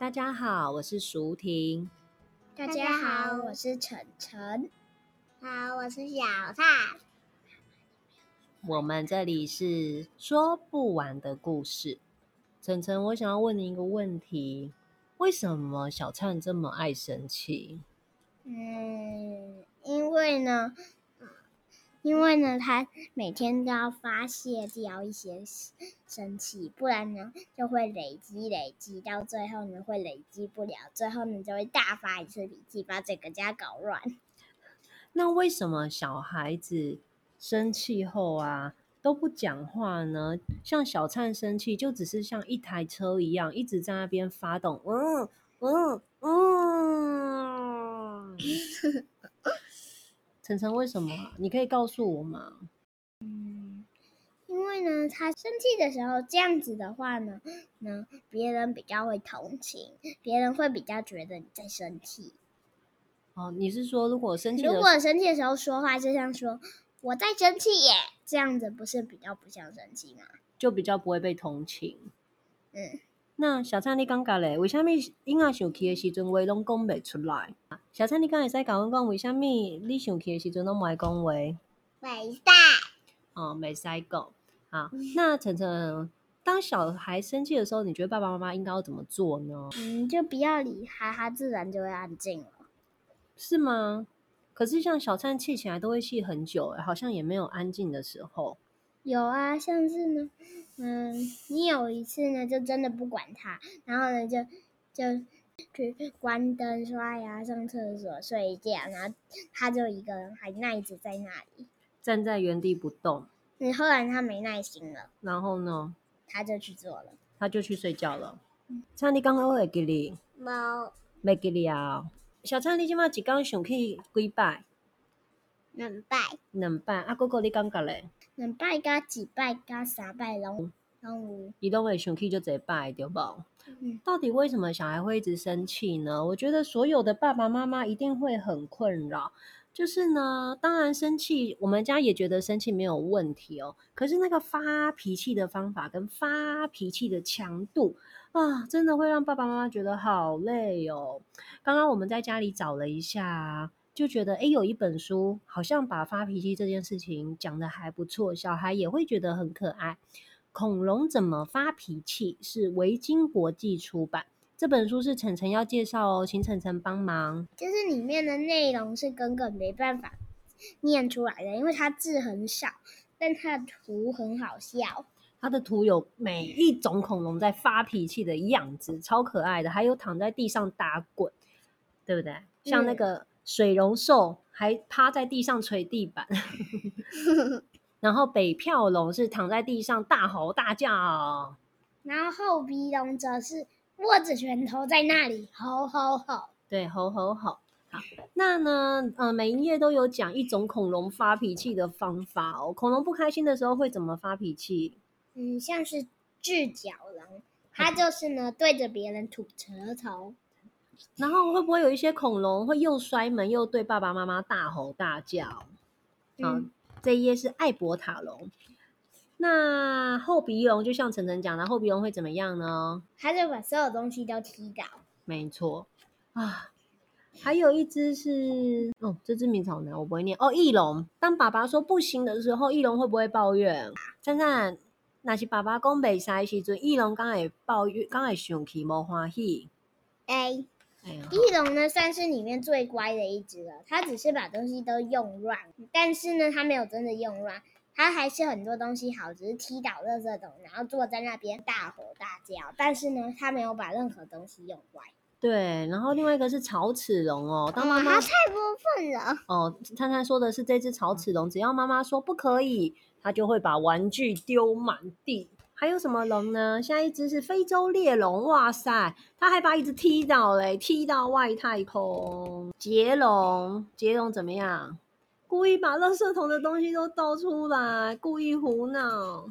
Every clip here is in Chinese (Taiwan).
大家好，我是淑婷。大家好，我是晨晨。好，我是小燦。我們這裡是說不完的故事。晨晨，我想要問你一個問題：為什麼小燦這麼愛生氣？嗯，因為呢。因為呢，他每天都要發洩掉一些生氣，不然呢就會累積累積，到最後呢會累積不了，最後呢就會大發一次脾氣，把整個家搞亂。那為什麼小孩子生氣後啊都不講話呢？像小燦生氣，就只是像一台車一樣，一直在那邊發動，嗯嗯嗯。嗯 晨晨，為什麼？你可以告訴我嗎？嗯，因為呢，他生氣的時候這樣子的話呢，別人比較會同情，別人會比較覺得你在生氣。哦，你是說如果生氣，如果生氣的時候說話，就像說我在生氣耶，這樣子不是比較不像生氣嗎？就比較不會被同情。嗯。那小燦，你剛剛咧？為什麼嬰兒生氣的時陣話攏講不出來？小燦，你敢會使講講為什麼你生氣的時陣攏唔愛講話？沒塞能。哦，沒塞講。好，那晨晨，當小孩生氣的時候，你覺得爸爸媽媽應該要怎麼做呢？嗯，就不要理他，他自然就會安靜了。是嗎？可是像小燦氣起來都會氣很久，好像也沒有安靜的時候。有啊，像是呢，嗯，你有一次呢，就真的不管他，然後呢，就就去關燈、刷牙、上廁所、睡覺，然後他就一個人還耐着在那裡，站在原地不動。嗯，後來他沒耐心了。然後呢？他就去做了。他就去睡覺了。燦你剛剛會給你貓沒給你啊？小燦你今嘛一天想去幾擺？兩拜，能拜，阿、啊、哥哥，你剛剛嘞，能拜加幾拜加三拜，攏有，攏有。伊攏會生氣就一拜對不？嗯。到底為什麼小孩會一直生氣呢？我覺得所有的爸爸媽媽一定會很困擾。就是呢，當然生氣，我們家也覺得生氣沒有問題哦。可是那個發脾氣的方法跟發脾氣的強度啊，真的會讓爸爸媽媽覺得好累哦。剛剛我們在家裡找了一下。就覺得哎，有一本書好像把發脾氣這件事情講得還不錯，小孩也會覺得很可愛。恐龍怎麼發脾氣？是維京國際出版。這本書是澄澄要介紹哦，請澄澄幫忙。就是裡面的內容是根本沒辦法念出來的，因為它字很少，但它的圖很好笑。它的圖有每一種恐龍在發脾氣的樣子，超可愛的，還有躺在地上打滾，對不對？像那個。嗯水龍獸還趴在地上捶地板， 然後北票龍是躺在地上大吼大叫，然後後鼻龍則是握着拳頭在那裡吼吼吼，對，吼吼吼，好。那呢，呃、每一頁都有講一種恐龍發脾氣的方法哦。恐龍不開心的時候會怎麼發脾氣？嗯，像是趾腳龍，它就是呢、嗯、對着別人吐舌頭。然後會不會有一些恐龍會又摔門又對爸爸媽媽大吼大叫？嗯啊、這一頁是艾伯塔龍。那後鼻龍就像晨晨講的，後鼻龍會怎麼樣呢？他就把所有東西都踢倒。沒錯、啊、還有一隻是，嗯、哦，這隻名字好難，我不會念哦。翼龍當爸爸說不行的時候，翼龍會不會抱怨？燦燦、嗯，那是爸爸講未使時陣，翼龍剛會抱怨，剛會生氣無歡喜。欸。翼龍、哎、呢，算是裡面最乖的一隻了。它只是把東西都弄亂，但是呢，它沒有真的弄亂，它還是很多東西好，只是踢倒了這種，然後坐在那邊大吼大叫。但是呢，它沒有把任何東西弄壞。對，然後另外一個是草齒龍哦，他媽媽、哦、太過分了。哦，燦燦說的是這隻草齒龍，只要媽媽說不可以，他就會把玩具丟滿地。還有什麼龍呢？下一隻是非洲獵龍，哇塞，他還把椅子踢倒嘞、欸，踢到外太空。捷龍，捷龍怎麼樣？故意把垃圾桶的東西都倒出來，故意胡鬧。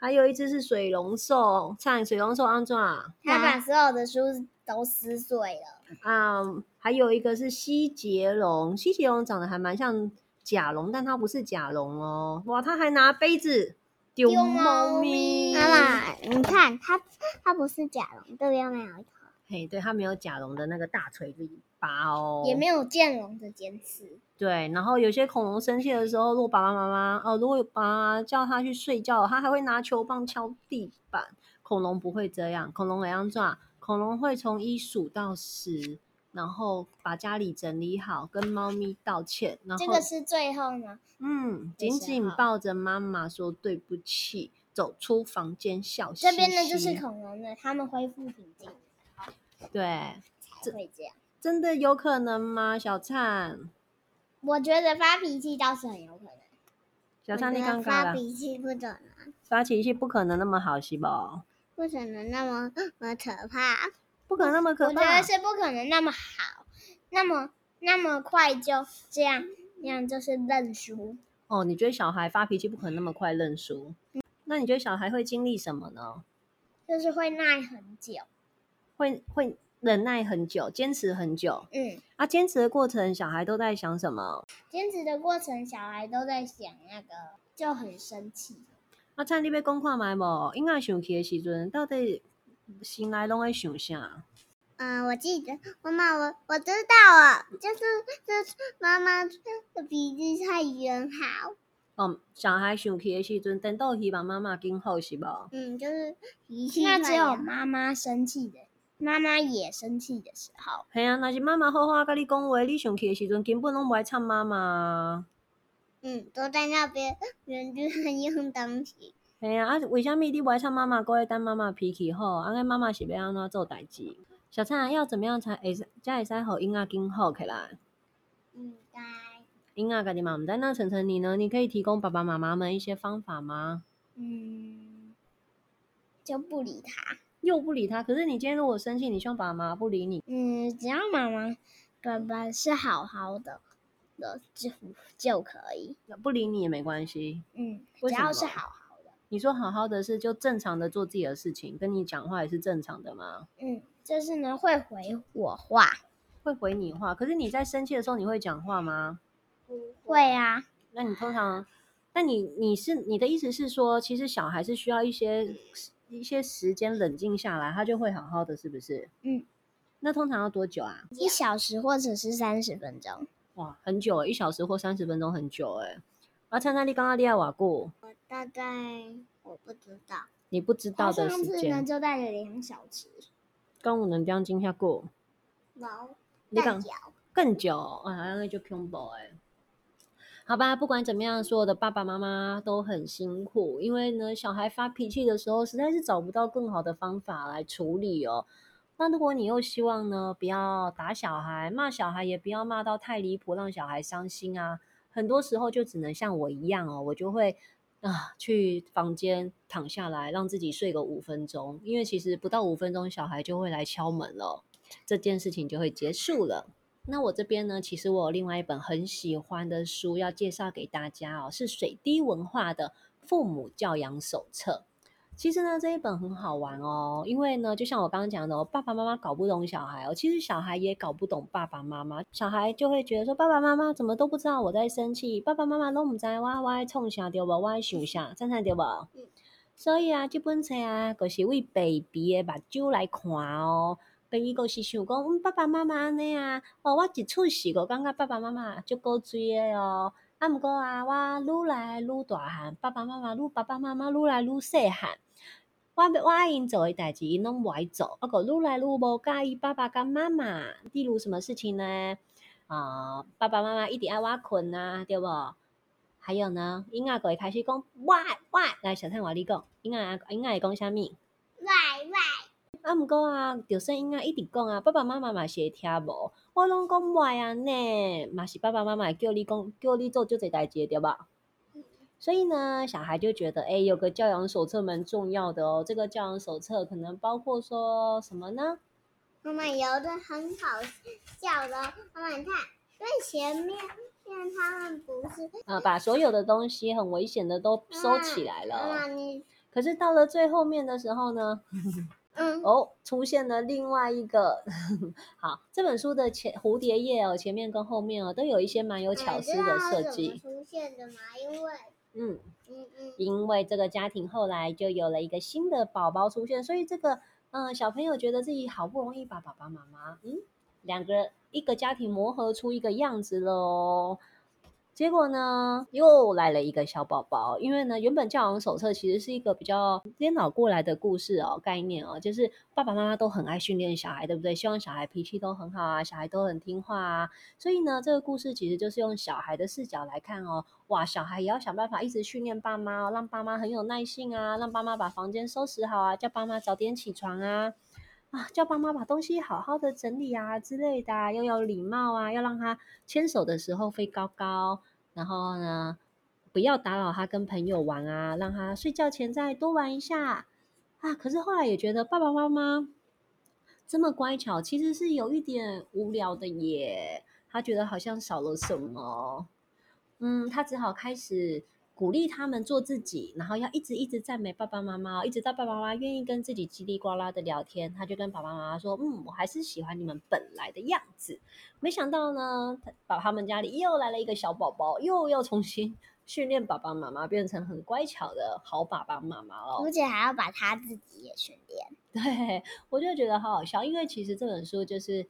還有一隻是水龍獸，唱水龍獸，安、嗯、啊！他把哇所有的書都撕碎了。啊、嗯，還有一個是西捷龍，西捷龍長得還蠻像甲龍，但它不是甲龍哦。哇，他還拿杯子。丟貓咪，媽媽，你看它，它不是甲龍，這邊沒有它。嘿，對，它沒有甲龍的那個大錘子尾巴哦，也沒有劍龍的尖刺。對，然後有些恐龍生氣的時候，如果爸爸媽媽哦，如果爸爸叫它去睡覺，它還會拿球棒敲地板。恐龍不會這樣，恐龍怎樣做？恐龍會從一數到十。然後把家裡整理好，跟貓咪道歉。然後這個是最後呢，嗯，緊緊抱着媽媽說對不起，走出房間笑兮兮。這邊呢就是恐龍了，他們恢復平靜。對，才會這樣。這真的有可能嗎，小燦？我覺得發脾氣倒是很有可能。小燦，你剛剛發脾氣不准啊！發脾氣不可能那麼好是吧？不可，不可能那麼，可，能那麼，那麼可怕。不可能那麼可怕。我我覺得是不可能那麼好，那麼那麼快就這樣，那樣就是認輸。哦，你覺得小孩發脾氣不可能那麼快認輸？嗯、那你覺得小孩會經歷什麼呢？就是會耐很久，會會忍耐很久，堅持很久。嗯，啊，堅持的過程小孩都在想什麼？堅持的過程小孩都在想那個就很生氣。啊，燦你未講話買無？應該生氣的時陣到底，心內攏會想啥？嗯、呃，我記得，媽媽，我我知道了，就是，就是媽媽的脾氣太圓好。嗯、哦，小孩生氣的時陣，等到希望媽媽更好是吧？嗯，就是脾氣。那只有媽媽生氣的，媽媽也生氣的時候。嘿啊，那是媽媽好好跟你講話，你生氣的時陣，根本攏不會唱媽媽。嗯，都在那邊原地硬東西。哎呀、啊，啊，為什麼你外甥媽媽過來當媽媽脾氣好？啊，那媽媽是要安怎做代志？小燦、啊、要怎麼樣才可才可以使讓嬰兒更好起來？應該該嬰兒個的媽媽在那，澄澄你呢？你可以提供爸爸媽媽們一些方法嗎？嗯，就不理他，又不理他。可是你今天如果生氣，你希望爸媽不理你？嗯，只要媽媽爸爸是好好的了，就，就可以。不理你也沒關係。嗯，只要是好，好的。你說好好的事就正常的做自己的事情，跟你講話也是正常的嗎？嗯，就是呢，會回我話，會回你話。可是你在生氣的時候，你會講話嗎？不會啊。那你通常，那你你是你的意思是說，其實小孩是需要一些一些時間冷靜下來，他就會好好的，是不是？嗯。那通常要多久啊？一小時或者是三十分鐘。哇，很久，一小時或三十分鐘，很久誒。而參賽你剛剛利亞瓦過，大概我不知道。你不知道的時間、啊，上次呢就待了兩小時，剛我能這樣一下過。冇，更久，更、啊、久，好那就恐怖哎。好吧，不管怎麼樣，所有的爸爸媽媽都很辛苦，因為呢，小孩發脾氣的時候，實在是找不到更好的方法來處理哦。那如果你又希望呢，不要打小孩，罵小孩，也不要罵到太離譜，讓小孩傷心啊。很多時候就只能像我一樣哦，我就會啊去房間躺下來，讓自己睡個五分鐘，因為其實不到五分鐘，小孩就會來敲門了，這件事情就會結束了。那我這邊呢，其實我有另外一本很喜歡的書要介紹給大家哦，是水滴文化的《父母教養手冊》。其實呢，這一本很好玩哦，因為呢，就像我剛剛講的，爸爸媽媽搞不懂小孩哦，其實小孩也搞不懂爸爸媽媽，小孩就會覺得說，爸爸媽媽怎麼都不知道我在生氣，爸爸媽媽都唔知我我愛衝啥對不？我愛想啥，真慘對不？所以啊，這本書啊，可是為 baby 的目睭來看哦 b a b 是想講，爸爸媽媽安尼啊，哦，我一出事過剛剛爸爸媽媽就夠追了哦。啊毋過啊，我愈來愈大漢，爸爸媽媽愈爸爸媽媽愈來愈細漢。我我愛因做誒代志，因攏未做。越越不過愈來愈無介意爸爸跟媽媽。例如什麼事情呢？啊、嗯，爸爸媽媽一直愛我困啊，對不？還有呢，嬰兒會開始講喂喂，喂來小燦話你講。嬰仔啊，嬰仔會講什麼？喂喂。啊毋過啊，就算嬰仔一直講啊，爸爸媽媽嘛是會聽無。我攏講話啊呢，嘛是爸爸媽媽叫你講，叫你做就這代誌對吧？嗯、所以呢，小孩就覺得，誒、欸，有個教養手冊蠻重要的哦。這個教養手冊可能包括說什麼呢？媽媽有得很好，笑的，媽媽你看最前面，雖然他們不是啊，把所有的東西很危險的都收起來了。媽媽媽媽可是到了最後面的時候呢？ 嗯、哦，出現了另外一個。 好，這本書的前蝴蝶頁哦，前面跟後面哦，都有一些蠻有巧思的設計。出現的嘛，因為嗯，嗯，嗯，因為這個家庭後來就有了一個新的寶寶出現，所以這個嗯、呃、小朋友覺得自己好不容易把爸爸媽媽嗯兩個一個家庭磨合出一個樣子咯。結果呢，又來了一個小寶寶。因為呢，原本教養手冊其實是一個比較顛倒過來的故事哦，概念哦，就是爸爸媽媽都很愛訓練小孩，對不對？希望小孩脾氣都很好啊，小孩都很聽話啊。所以呢，這個故事其實就是用小孩的視角來看哦。哇，小孩也要想辦法一直訓練爸媽哦，讓爸媽很有耐心啊，讓爸媽把房間收拾好啊，叫爸媽早點起床啊，啊，叫爸媽把東西好好的整理啊之類的啊，要有禮貌啊，要讓他牽手的時候飛高高。然後呢，不要打擾他跟朋友玩啊，讓他睡覺前再多玩一下啊。可是後來也覺得爸爸媽媽這麼乖巧，其實是有一點無聊的耶。他覺得好像少了什麼，嗯，他只好開始。鼓勵他們做自己，然後要一直一直讚美爸爸媽媽哦，一直到爸爸媽媽願意跟自己嘰里呱啦的聊天，他就跟爸爸媽媽說：“嗯，我還是喜歡你們本來的樣子。”沒想到呢，他把他們家裡又來了一個小寶寶，又要重新訓練爸爸媽媽變成很乖巧的好爸爸媽媽哦，而且還要把他自己也訓練。對，我就覺得好好笑，因為其實這本書就是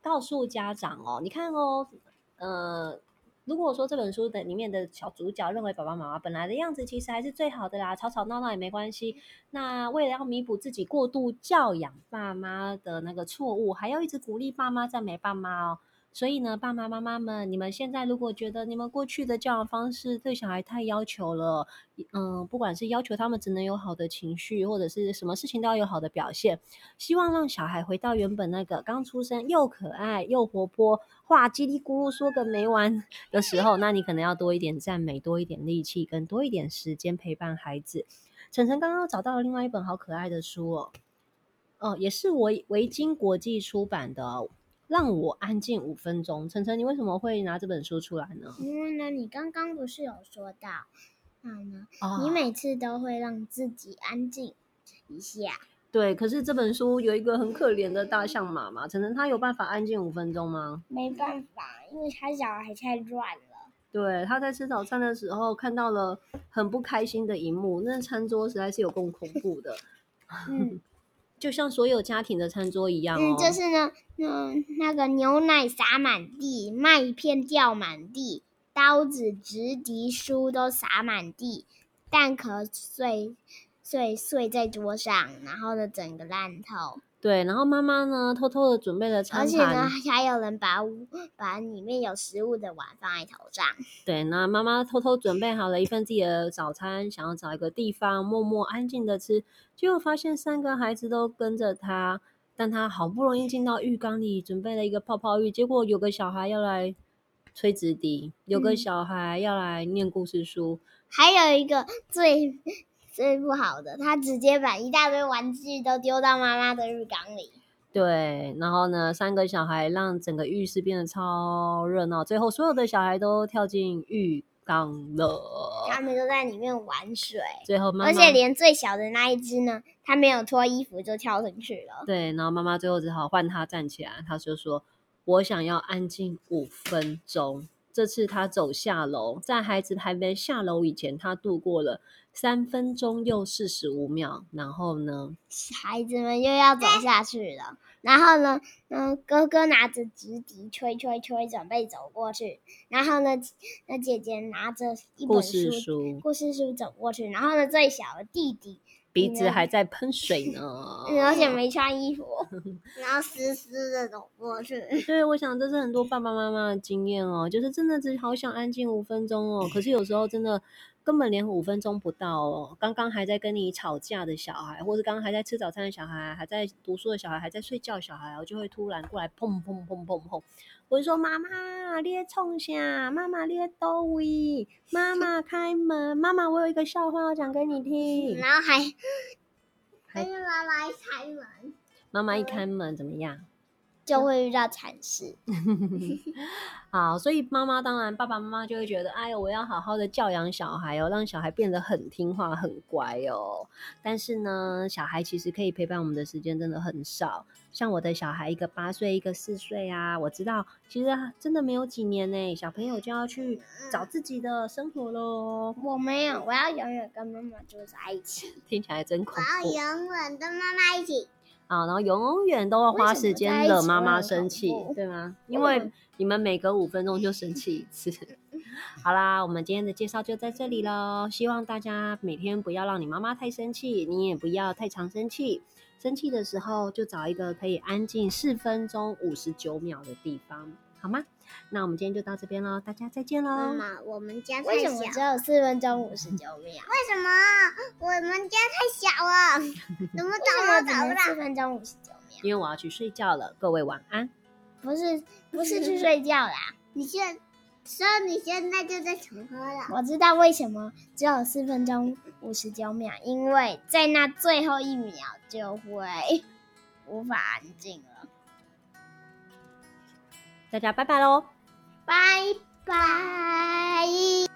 告訴家長哦，你看哦，嗯，呃。如果說這本書的裡面的小主角認為爸爸媽媽本來的樣子其實還是最好的啦，吵吵鬧鬧也沒關係，那為了要彌補自己過度教養爸媽的那個錯誤，還要一直鼓勵爸媽、讚美爸媽哦。所以呢，爸爸媽媽們，你們現在如果覺得你們過去的教養方式對小孩太要求了，嗯，不管是要求他們只能有好的情緒，或者是什麼事情都要有好的表現，希望讓小孩回到原本那個剛出生又可愛又活潑、話嘰里咕嚕說個沒完的時候，那你可能要多一點讚美，多一點力氣，跟多一點時間陪伴孩子。澄澄剛剛找到了另外一本好可愛的書哦，哦，也是維維京國際出版的哦。讓我安靜五分鐘，晨晨，你為什麼會拿這本書出來呢？因為呢，你剛剛不是有說到，好嗎？哦、你每次都會讓自己安靜一下。對，可是這本書有一個很可憐的大象媽媽，嗯、晨晨他有辦法安靜五分鐘嗎？沒辦法，因為他小孩還太軟了。對，他在吃早餐的時候看到了很不開心的一幕，那餐桌實在是有夠恐怖的。嗯。 就像所有家庭的餐桌一樣、哦、嗯，就是呢，嗯，那個牛奶灑滿地，麥片掉滿地，刀子、直笛、書都灑滿地，蛋殼碎碎碎在桌上，然後呢，整個爛透。對，然後媽媽呢，偷偷的準備了早餐盤。而且呢，還有人把屋把裡面有食物的碗放在頭上。對，那媽媽偷偷準備好了一份自己的早餐， 想要找一個地方默默安靜的吃，結果發現三個孩子都跟着她。但她好不容易進到浴缸裡，準備了一個泡泡浴，結果有個小孩要來吹直笛，嗯、有個小孩要來念故事書，還有一個最。 最不好的，他直接把一大堆玩具都丟到媽媽的浴缸裡。對，然後呢，三個小孩讓整個浴室變得超熱鬧。最後，所有的小孩都跳進浴缸了，他們都在裡面玩水。最後媽媽，而且連最小的那一隻呢，他沒有脫衣服就跳進去了。對，然後媽媽最後只好換他站起來，他就說：“我想要安靜五分鐘。”這次他走下樓，在孩子還沒下樓以前，他度過了三分鐘又四十五秒。然後呢，孩子們又要走下去了。哎、然後呢，嗯，哥哥拿着直笛吹吹吹，準備走過去。然後呢，那姐姐拿着一本故事書，故事書走過去。然後呢，最小的弟弟。鼻子還在噴水呢，而且沒穿衣服， 然後濕濕的走過去。 對，我想這是很多爸爸媽媽的經驗哦，就是真的好想安靜五分鐘哦，可是有時候真的根本連五分鐘不到哦。剛剛還在跟你吵架的小孩，或是剛剛還在吃早餐的小孩，還在讀書的小孩，還在睡覺的小孩哦，我就會突然過來，砰砰砰砰砰。我就說：“媽媽，你在幹什麼，媽媽你在做什麼，媽媽開門，媽媽我有一個笑話要講給你聽。”然後還，還是媽媽一開門，媽媽一開門怎麼樣？就會遇到慘事。 好，所以媽媽當然爸爸媽媽就會覺得，哎呦，我要好好的教養小孩哦，讓小孩變得很聽話、很乖哦。但是呢，小孩其實可以陪伴我們的時間真的很少。像我的小孩，一個八歲，一個四歲啊，我知道，其實、啊、真的沒有幾年哎、欸，小朋友就要去找自己的生活嘍。我沒有，我要永遠跟媽媽住在一起。聽起來真恐怖。我要永遠跟媽媽一起。啊，然後永遠都要花時間惹媽媽生氣嗎，對嗎？因為你們每隔五分鐘就生氣一次。 好啦，我們今天的介紹就在這裡嘍。希望大家每天不要讓你媽媽太生氣，你也不要太常生氣。生氣的時候就找一個可以安靜四分鐘五十九秒的地方，好嗎？那我們今天就到這邊嘍，大家再見嘍！媽媽，我們家為什麼只有四分鐘五十九秒？為什麼我們家太小了？ 怎麼找都找不到。四分鐘五十九秒？因為我要去睡覺了，各位晚安。不是不是去睡覺啦， 你現在說你現在就在重合了。我知道為什麼只有四分鐘五十九秒， 因為在那最後一秒就會無法安靜了。大家拜拜嘍，拜拜。